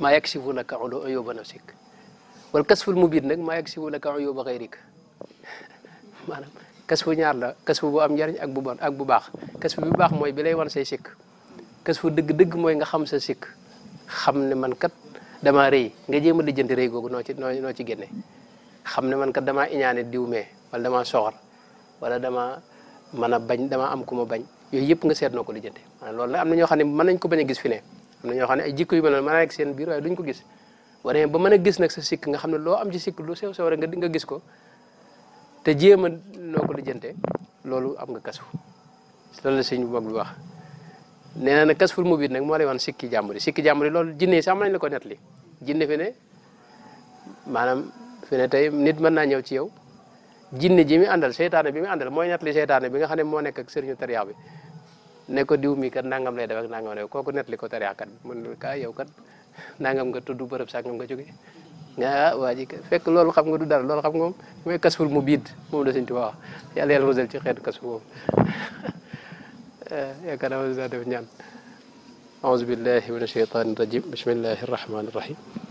maa yaksifu laka uyuba nafsik wal mu mubin nag ma maa yaksifu ka uyuba xayrika maanaam kasfu ñaar la kasfu bu am njariñ ak bu bon ak bu baax kasfu bu baax mooy bi lay wan say sikk kasfu dëgg-dëgg mooy nga xam sa sikk xam ne man kat damaa rëy nga jéem a lijjanti rëy googu noo ci noo ci génne xam ne man kat damaa iñaane diw mee wala damaa soxor wala damaa mën a bañ dama am ku ma bañ yooyu yëpp nga seet noo ko lijjante maanaam loolu nag am na ñoo xam ne mën nañ ko bañ a gis fi ne am na xam ne ay jikko yu mel noonu mën naa nekk seen biir waaye duñ ko gis a demee ba mën a gis nag sa sikk nga xam ne loo am ci sikk lu sew sew rek nga gis ko te jéem a noo ko lijjante loolu am nga kasu loolu la sëñ bu wax nee na nag kasful mubin nag moo lay wan sikki jàmbur yi sikki jàmbur loolu jinne yi sax mën nañ la ko nettali jinne fi ne maanaam fi ne tey nit mën naa ñëw ci yow jinne ji muy àndal seytaane bi muy àndal mooy nettali seytaane bi nga xam ne moo nekk ak sëriñu tariyaa bi ne ko diw mi kat nangam lay def ak nangam lay kooku nettali ko tariixa kat mun ka yow nangam nga tudd bërëb sàngam nga jóge ah fekk loolu xam nga du dara loolu xam nga moom mooy kasful mu biid moom la Sëñ Tuubaa wax yàlla yàlla musal ci kasfu moom eh, yaakaar naa def ñaan auzu billahi min asheytaani rajim bismillahi rahmaani rahim